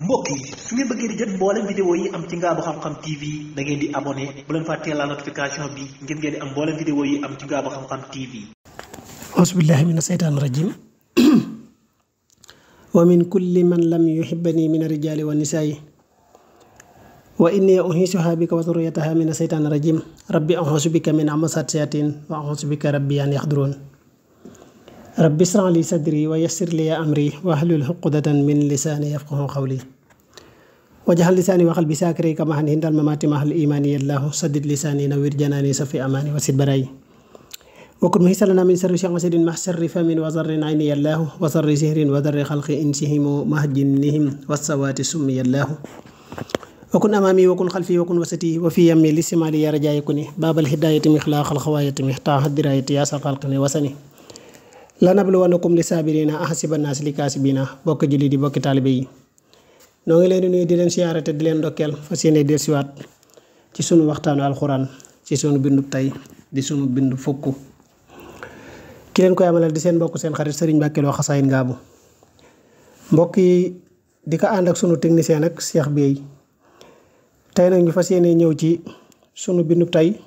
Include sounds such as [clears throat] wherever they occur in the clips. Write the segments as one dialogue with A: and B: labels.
A: mbokk yi su ngeen bëggee di jot mboolem vidéo yi am ci Ngaabu Xam-Xam TV da ngeen di abonné bu leen fàttee la notification bi ngir ngeen di am mboolem vidéo yi am ci Ngaabu Xam-Xam TV ausbillahi min aseytaan rajim wa min kulli man lam yuhibbani min arijaali wa nisaayi wa inni uhiisuha bika wa durriyataha min aseytaan rajim rabbi auusu bika min amasat sayatin wa auusu rabbi an yaxduroon rabbi israh li sadri wa yassir li amri wahlul uqdatan min lisaani yafqahu qawli wajahal lisaani wa qalbi saakiri kama hindal mamati mahal imani yallahu saddid lisaani nawwir janaani safi amani wasid barayi وكن مهيسا لنا من سر شيخ مسير مع سر فم وزر عين الله وسر سهر وذر خلق إنسهم مهجنهم والسوات سمي الله وكن أمامي وكن خلفي وكن وسطي وفي يمي لسمالي يا رجاء يكوني باب الهداية مخلاق الخواية محتاح الدراية يا سقلقني وسني la lanabluwannakum li saabiriina ahasiba naas li kaasibiina bokk julli di bokki taalibe yi noo ngi leen di nuy di leen siyaare te di leen ndokkeel fas yéene dellusiwaat ci sunu waxtaanu alxuraan ci sunu bindu tey di sunu bindu fukk ki leen koy amalal di seen mbokk seen xarit Serigne Mbacke Lo yi di ko ànd ak sunu technicien nag Cheikh Bey tey nag ñu fas ñëw ci sunu bindu tey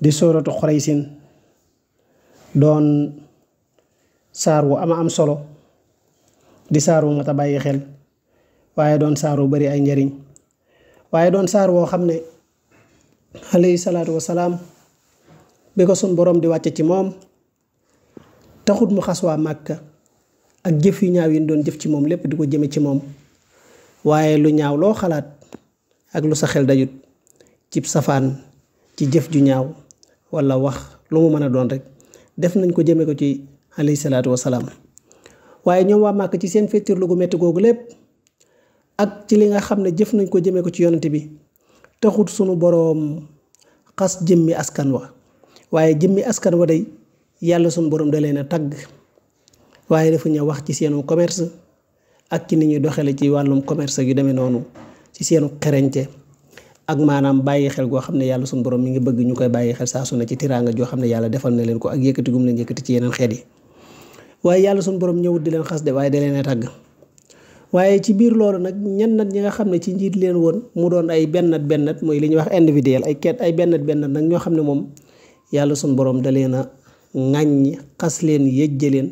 A: di sooratu Xuraysin doon. saar wu ama am solo di saar wu mat a bàyyi xel waaye doon saar wu bari ay njariñ waaye doon saar woo xam ne alayhi salaatu wasalaam bi ko suñ boroom di wàcce ci moom taxut mu xas waa màkka ak jëf yu ñaaw yi doon jëf ci moom lépp di ko jëme ci moom waaye lu ñaaw loo xalaat ak lu sa xel dajut cib safaan ci jëf ju ñaaw walla wax lu mu mën a doon rekk def nañ ko jëme ko ci alayhi salaatu wasalaam waaye ñoom waa màkk ci seen féttirlu gu métti googu lépp ak ci li nga xam ne jëf nañ ko jëmee ko ci yonante bi taxut sunu boroom xas jëmmi askan wa waaye jëmmi askan wa day yàlla sunu boroom da leen a tagg waaye dafa ñëw wax ci seenu commerce ak ci ni ñuy doxale ci wàllum commerce yu demee noonu ci seenu xereñce ak maanaam bàyyi xel goo xam ne yàlla sunu borom mi ngi bëgg ñu koy bàyyi xel saa su ne ci tiraanga joo xam ne yàlla defal na leen ko ak ci yeneen xeet yi waaye yàlla suñu borom ñëwut di leen xas de waaye da leen a tàgg waaye ci biir loolu nag ñen nag ñi nga xam ne ci njiit leen woon mu doon ay benn bennat mooy li ñuy wax individuel ay ket ay bennat bennat nag ñoo xam ne moom yàlla suñu borom da na a ŋàññi xas leen yëjje leen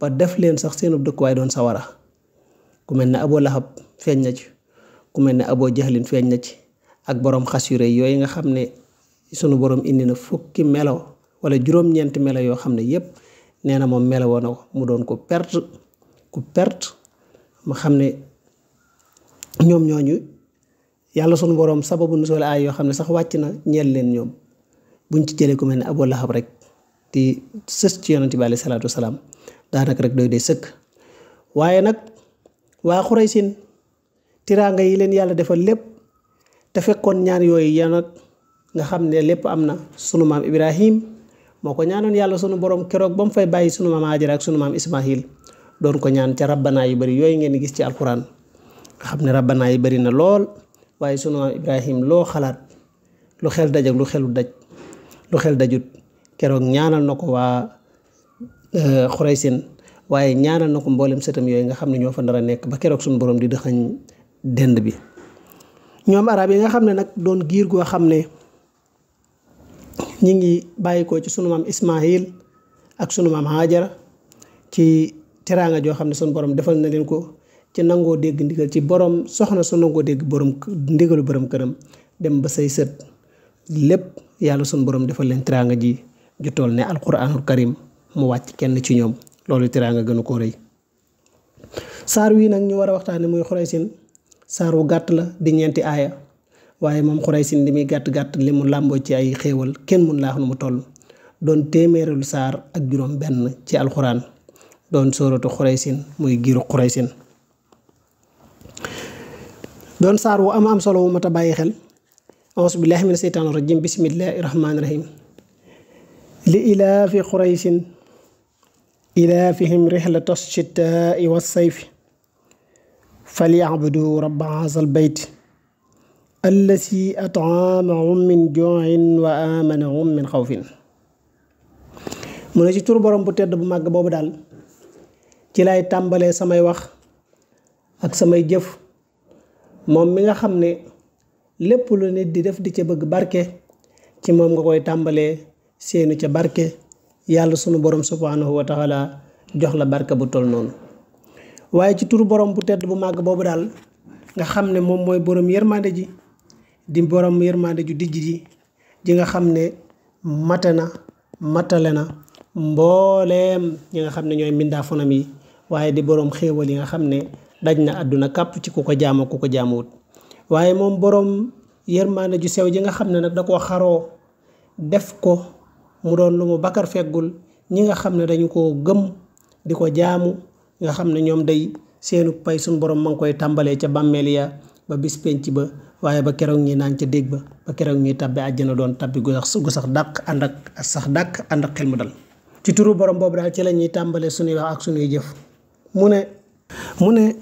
A: ba def leen sax seenub dëkkuwaay doon sawara ku mel ni Abu Lahab feeñ na ci ku mel ne Abu Jahlin feeñ na ci ak borom xas yu rëy yooyu nga xam ne sunu borom indi na fukki melo wala juróom melo yoo xam ne yépp nee na moom melawoo na ko mu doon ko perte ku perte ma xam ne ñoom ñooñu yàlla sunu boroom sababu nu soole aay yoo xam ne sax wàcc na ñeel leen ñoom buñ ci jëlee ku mel ne Abu Lahab rek di sës ci yonent bi aleyhi salaatu wasalaam daanaka rek doy dee sëkk waaye nag waa Xuraysin tiraanga yi leen yàlla defal lépp te fekkoon ñaar yooyu ya nga xam ne lépp am na sunu maam Ibrahim moo ko ñaanoon yàlla sunu borom keroog ba mu fay bàyyi sunu maam Haajara ak sunu maam Ismaahil doon ko ñaan ca rabbanaa yu bëri yooyu ngeen gis ci alquran nga xam ne rabbanaa yi bari na lool waaye sunu maam Ibrahim loo xalaat lu xel daj ak lu xelu daj lu xel dajut keroog ñaanal na ko waa euh, Xuraysin waaye ñaanal na ko mboolem sëtam yooyu nga xam ne ñoo fa nar a nekk ba keroog sunu borom di dëxañ dend bi ñoom arab yi nga xam ne nag doon giir goo ñi ngi bàyyikoo ci sunu maam Ismaayil ak sunu maam Haajara ci teraanga joo xam ne sunu boroom defal na leen ko ci nangoo dégg ndigal ci boroom soxna su nangoo dégg boroom ndigalu borom këram dem ba say sët lépp yàlla sunu boroom defal leen teraanga ji ju toll ne alquranul karim mu wàcc kenn ci ñoom loolu teraanga gënu ko rëy saar wii nag ñu war a waxtaane muy xuraysin saar wu gàtt la di ñeenti aaya waaye moom xuraysin li muy gàtt-gàtt li mu làmboo ci ay xéewal kenn mun laa xam ne mu toll doon téeméerelu saar ak juróom benn ci alxuraan doon sóoratu xuraysin muy giiru xuraysin doon saar wu am am solo wu mat a bàyyi xel auzu bi mina seytaani rajiim bismillaahi rahmaani rahiim li ilaafi xuraysin ilaafihim rihlata shitaa'i wa sayfi falya'budu rabba haazal bayti allasi ataamahum min juin wa amanahum min xawfin mu ne ci tur boroom bu tedd bu màgg boobu daal ci lay tàmbalee samay wax ak samay jëf moom mi nga xam ne lépp lu nit di def di ca bëgg barke ci moom nga koy tàmbalee seenu ca barke yàlla sunu borom subhanahu wa jox la barke bu toll noonu waaye ci turu borom bu tedd bu màgg boobu daal nga xam ne moom mooy borom yërmande ji di borom yërmande ju dijj ji ji nga xam ne mate na matale na mbooleem ñi nga xam ne ñooy mbindaafonam yi waaye di borom xéewal yi nga xam ne daj na àdduna kàpp ci ko jaamu ko jaamuwut waaye moom borom yërmande ju sew ji nga xam ne nag da koo xaroo def ko mu doon lu mu bakkar feggul ñi nga xam ne dañu koo gëm di ko jaamu nga xam ne ñoom day seenu pay suñ borom ma ngi koy tàmbalee ca bàmmeel ya ba bis penc ba waaye ba keroog ngi naan ca dégg ba ba keroog ñuy tabbi àjjana doon tabbi gu sax gu sax dàq ànd ak sax dàq ànd ak xel mu dal ci turu borom boobu daal ci la ñuy tàmbalee suñuy wax ak suñuy jëf mu ne mu ne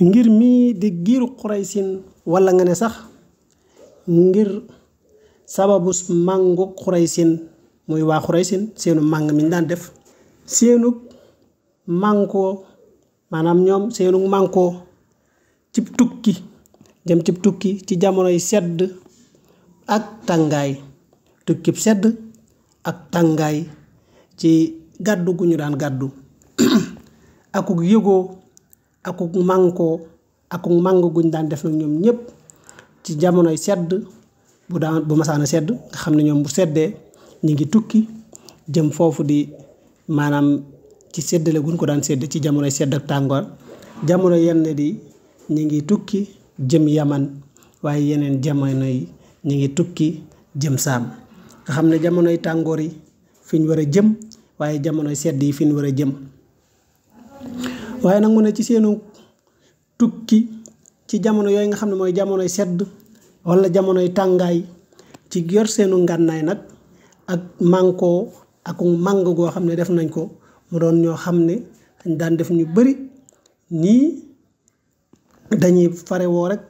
A: ngir mii di giiru xuraysin wala nga ne sax ngir sababu màngu xuraysin muy waa xuraysin seenu màng miñ daan def seenu mànkoo maanaam ñoom seenu mànkoo cib tukki jëm ci tukki ci jamonoy sedd ak tàngaay tukkib sedd ak tàngaay ci gàddu gu ñu daan gàddu [clears throat] akuk yëgoo akuk mànkoo akuk màng guñ daan def nag ñoom ñëpp ci jamonoy sedd bu daan bu masaana sedd nga xam ne ñoom bu seddee ñu ngi tukki jëm foofu di maanaam ci seddale guñ ko daan sedd ci jamonoy sedd ak tàngoor jamono yenn di ñu ngi tukki jëm yaman waaye yeneen jamono yi ñu ngi tukki jëm saam nga xam ne jamonoy tàngoor yi fi ñu war a jëm waaye jamonoy sedd yi fi ñu war a jëm waaye nag mu ne ci seenu tukki ci jamono yooyu nga xam ne mooy jamonoy sedd wala jamonoy tàngaay ci yor seenu ngànnaay nag ak mànkoo ak màng goo xam ne def nañ ko mu doon ñoo xam ne daan def ñu bari ñii dañuy farewoo rek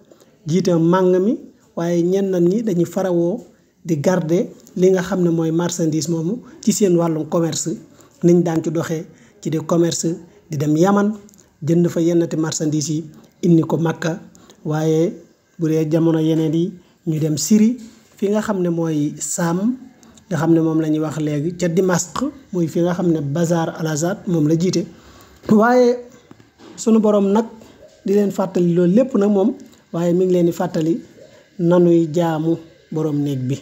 A: jiite màng mi waaye ñenn ñi dañuy farewoo di garde li nga xam ne mooy marchandise moomu ci seen wàllum commerce niñ daan ci doxee ci di commerce di dem yaman jënd fa yennati marchandise yi indi ko Makka waaye bu dee jamono yeneen yi ñu dem siri fi nga xam ne mooy Saam nga xam ne moom la ñuy wax léegi ca Damas muy fi nga xam ne Bazar al moom la jiite waaye sunu borom nag di leen fàttali loolu lépp nag moom waaye mi ngi leen di fàttali nanuy jaamu boroom néeg bi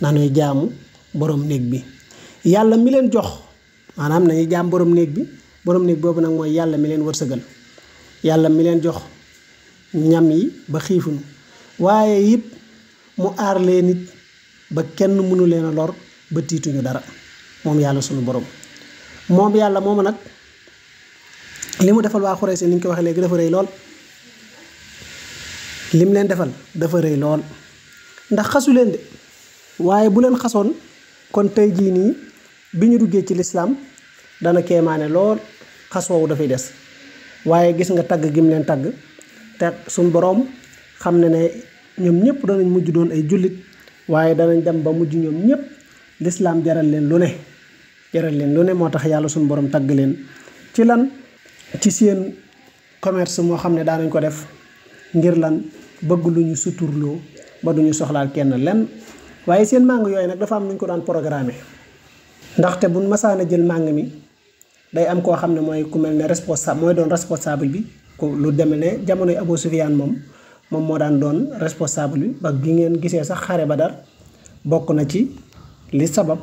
A: nanuy jaamu borom néeg bi yàlla mi leen jox maanaam nañuy jaam borom néeg bi borom néeg boobu nag mooy yàlla mi leen wërsëgal yàlla mi leen jox ñam yi ba xiifunu waaye it mu aarlee nit ba kenn mënu leen a lor ba tiituñu dara moom yàlla sunu borom moom yàlla moom nag li mu defal waa Xuraysi ni ñu ko waxee léegi dafa rëy lool lim leen defal dafa rëy lool ndax xasu leen de waaye bu leen xasoon kon tey jii nii bi ñu duggee ci lislaam dana kéemaane lool xas woowu dafay des waaye gis nga tagg gim leen tagg te suñ boroom xam ne ne ñoom ñëpp danañ mujj doon ay jullit waaye danañ dem ba mujj ñoom ñëpp lislaam jaral leen lu ne jaral leen lu ne moo tax yàlla suñu boroom tagg leen ci lan ci seen commerce moo xam ne daanañ ko def ngir lan bëgg lu ñu suturloo ba duñu soxlaal kenn lenn waaye seen màng yooyu nag dafa am lu ñu ko daan programmer ndaxte bu masaana jël màng mi day am koo xam ne mooy ku mel ne responsable mooy doon responsable bi ku lu demee ne jamonoy Abu Sufyaan moom moom moo daan doon responsable bi ba gi ngeen gisee sax xare Badar bokk na ci li sabab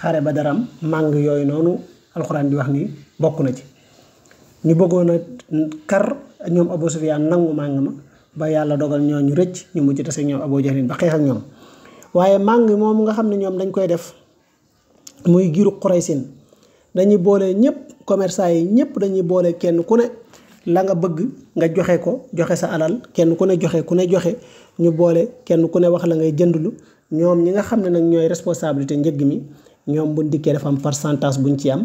A: xare daram màng yooyu noonu alxuraan bi wax ni bokk na ci ñu bëggoon a kar ñoom Abu Sufyaan nangu màng ma ba yàlla dogal ñoo ñu rëcc ñu mujj tase ñoom Abu ba xeex ak ñoom waaye màng moom nga xam ne ñoom dañ koy def muy giru Quraysin dañuy boole ñëpp commerçant yi ñëpp dañuy boole kenn ku ne la nga bëgg nga joxe ko joxe sa alal kenn ku ne joxe ku ne joxe ñu boole kenn ku ne wax la ngay jëndlu ñoom ñi nga xam ne nag ñooy responsabilité njëg mi ñoom buñ dikkee dafa am pourcentage buñ ci am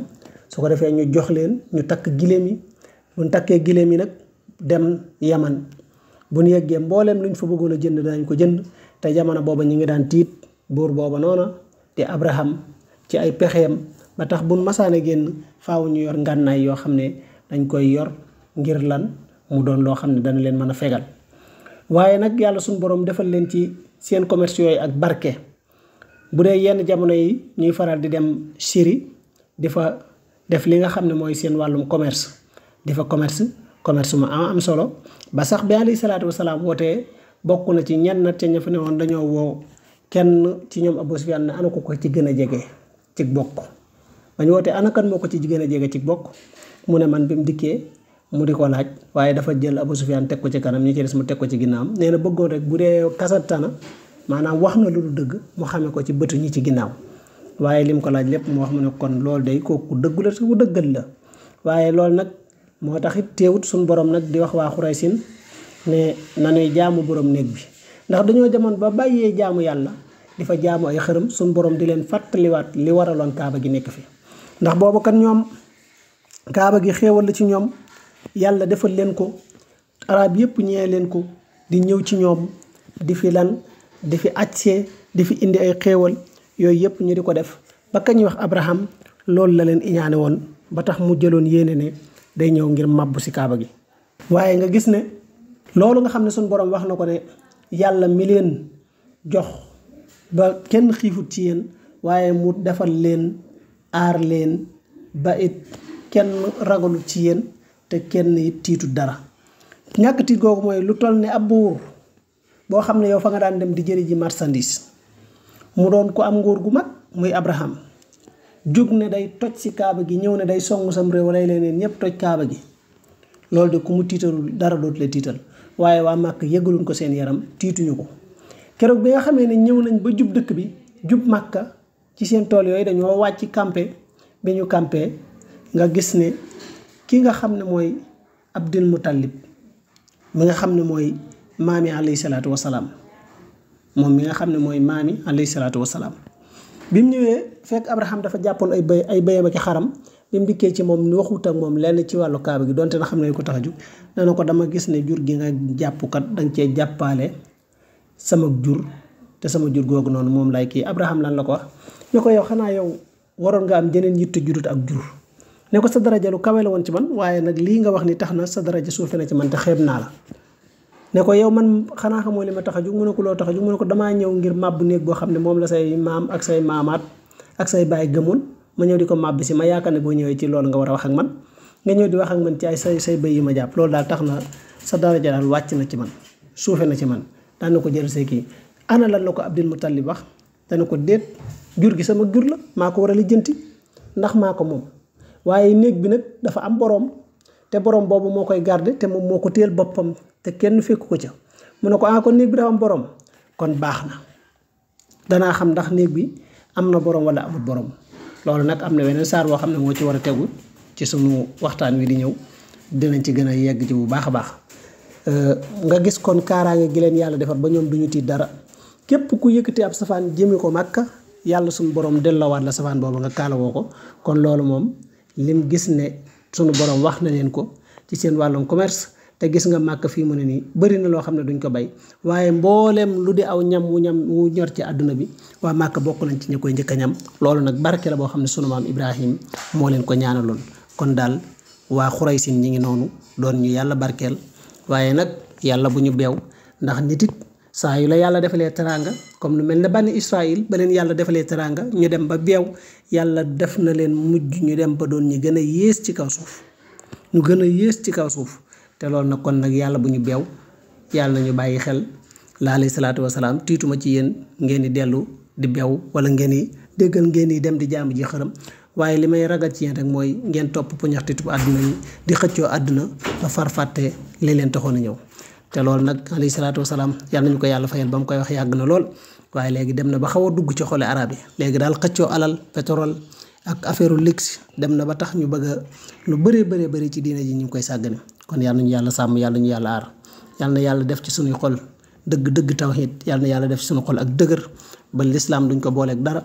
A: su ko defee ñu jox leen ñu takk giléem yi buñ takkee giléem yi nag dem yaman bu ñu yeggee mbooleem luñ fa bëggoon a jënd daañ ko jënd te jamono booba ñu ngi daan tiit buur booba noona te Abraham ci ay pexeem ba tax buñ masaane génn faaw ñu yor ngànnaay yoo xam ne dañ koy yor ngir lan mu doon loo xam ne dana leen mën a fegal waaye nag yàlla suñu borom defal leen ci seen commerce yi ak barke bu dee yenn jamono yi ñuy faral di dem Syrie di fa def li nga xam ne mooy seen wàllum commerce di fa commerce commerce mu am am solo ba sax bi alayhi salaatu wasalaam wootee bokk na ci ñenn nag ca ña fa ne woon dañoo woo kenn ci ñoom Abu Sufyaan ne ko ko ci gën a jege ci bokk ba ñu wootee ana moo ko ci gën a jege ci bokk mu ne man bi mu dikkee mu di ko laaj waaye dafa jël Abu Sufyaan teg ko ci kanam ñi ci des mu teg ko ci ginnaawam nee na bëggoon rek bu dee kasatana maanaam wax na lu dul dëgg mu xamee ko ci bëtu ñi ci ginnaaw. waaye lim ko laaj lépp moo wax mu ne kon loolu day kooku dëggu la te ku dëggal la waaye loolu nag moo tax it teewut suñu borom nag di wax waa Xuraysin ne nanuy jaamu borom néeg bi ndax dañoo jamoon ba bàyyee jaamu yàlla di fa jaamu ay xërëm suñ borom di leen fàttaliwaat li waraloon kaaba gi nekk fi ndax boobu kan ñoom kaaba gi xéewal la ci ñoom yàlla defal leen ko araab yëpp ñee leen ko di ñëw ci ñoom di fi lan di fi àccee di fi indi ay xéewal yooyu yëpp ñu di ko def ba kañ wax Abraham loolu la leen iñaane woon ba tax mu jëloon yéene ne day ñëw ngir màbbu si kaaba gi. waaye nga gis ne loolu nga xam ne suñ boroom wax na ko ne yàlla mi leen jox ba kenn xiifut ci yéen waaye mu defal leen aar leen ba it kenn ragalut ci yéen te kenn it tiitut dara. ñàkk tiit googu mooy lu toll ne ab buur boo xam ne yow fa nga daan dem di jëri ji marchandise. mu doon ko am ngóor gu mag muy Abraham jóg ne day toj si kaaba gi ñëw ne day songu sam réew lay leneen ñëpp toj kaaba gi loolu de ku mu tiitalul dara dootu la tiital waaye waa màkk yëgaluñ ko seen yaram tiituñu ko keroog bi nga xam ne ñëw nañ ba jub dëkk bi jub makka ci seen tool yooyu dañoo wàcc campé bi ñu campé nga gis ne ki nga xam ne mooy Abdul Muttalib mi nga xam ne mooy maami alayhi salaatu moom mi nga xam ne mooy maami alayhi salaatu wasalaam bi mu ñëwee fekk Abraham dafa jàppoon ay bay ay bayam ak xaram bi mu ci moom waxut ak moom lenn ci wàllu kaaba gi donte na xam ne ko tax nee na ko dama gis ne jur gi nga jàppukat danga cee jàppaale sama jur te sama jur googu noonu moom lay kii Abraham lan la ko wax ne ko yow xanaa yow waroon nga am jeneen yitte jurut ak jur ne ko sa daraja lu kawe la woon ci man waaye nag lii nga wax ni tax na sa daraja suufe na ci man te xeeb naa la ne ko yow man xanaa xamoo li ma tax a jug mu ne ko loo tax a jug ko damaa ñëw ngir màbb néeg boo xam ne moom la say maam ak say maamaat ak say baay gëmoon ma ñëw di ko màbb si ma yaakaar ne boo ñëwee ci loolu nga war a wax ak man nga ñëw di wax ak man ci say say bay yi ma jàpp daal tax na sa daraja daal wàcc na ci man suufe na ci man daan ko jël say kii ana la ko Abdul Muttalib wax dana ko déet jur gi sama jur la maa ko war a lijjanti ndax maa ko moom waaye néeg bi nag dafa am boroom te boroom boobu moo koy garde te moom moo ko téel boppam te kenn fekk ko ca mu ne ko ah kon néeg bi dafa am borom kon baax na danaa xam ndax néeg bi am na borom wala amul borom loolu nag am na weneen saar boo xam ne moo ci war a tegul ci suñu waxtaan wi di ñëw dinañ ci gën a yegg ci bu baax a baax nga gis kon kaaraange gi leen yàlla defar ba ñoom duñu tiit dara képp ku yëkkati ab safaan jëme ko màkka yàlla suñu borom delloowaat la safaan boobu nga woo ko kon loolu moom lim gis ne sunu borom wax na leen ko ci seen wàllum commerce te gis nga màkk fii mu ne nii bëri na loo xam ne duñ ko bay waaye mbooleem lu di aw ñam wu ñam wu ñor ci àdduna bi waa màkk bokk lañ ci ñi koy njëkk a ñam loolu nag barke la boo xam ne sunu maam Ibrahim moo leen ko ñaanaloon kon daal waa xuraysin ñi ngi noonu doon ñu yàlla barkeel waaye nag yàlla bu ñu beew ndax nit it saa yu la yàlla defalee teraanga comme lu mel ne bani Israël ba leen yàlla defalee teraanga ñu dem ba beew yàlla def na leen mujj ñu dem ba doon ñu gën a yées ci kaw suuf ñu gën a yées ci kaw suuf te loolu nag kon nag yàlla bu ñu beew yàlla na ñu bàyyi xel la alayhi salaatu wasalaam tiituma ci yéen ngeen di dellu di beew wala ngeen di déggal ngeen di dem di jaamu ji xërëm waaye li may ragal ci yéen rek mooy ngeen topp puñaxtitub àdduna yi di xëccoo àdduna ba farfàtte li leen taxoon a ñëw te loolu nag alayhi salaatu wasalaam yàlla nañu ko yàlla fa fayal ba mu koy wax yàgg na lool waaye léegi dem na ba xaw a dugg ci xole arab yi léegi daal xëccoo ak affaire luxe dem na ba tax ñu bëgg lu bëree bëree bëri ci diine ji ñu ngi koy sàggane kon yal nañu yàlla sàmm yal nañu yàlla aar yal na yàlla def ci suñuy xol dëgg dëgg tawhid yàlla def ci suñu xol ak dëgër ba lislaam duñ ko booleeg dara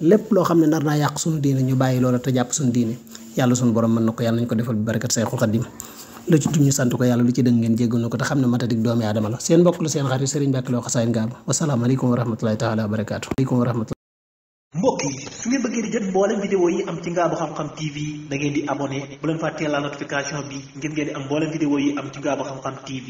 A: lépp loo xam ne nar naa yàq suñu diine ñu bàyyi loola te jàpp suñu diine yàlla suñu borom mën na ko yàlla nañu ko defal bi barakat Seexul Xadim lu ci tuñ sant ko yàlla lu ci dëng ngeen jéggal na ko te xam ne matadik doomi mbokk yi su ngeen bëggee di jot mboolem vidéo yi am ci Ngaabu Xam-Xam TV da ngeen di abonné bu leen fàttee la notification bi ngir ngeen di am mboolem vidéo yi am ci Ngaabu Xam-Xam TV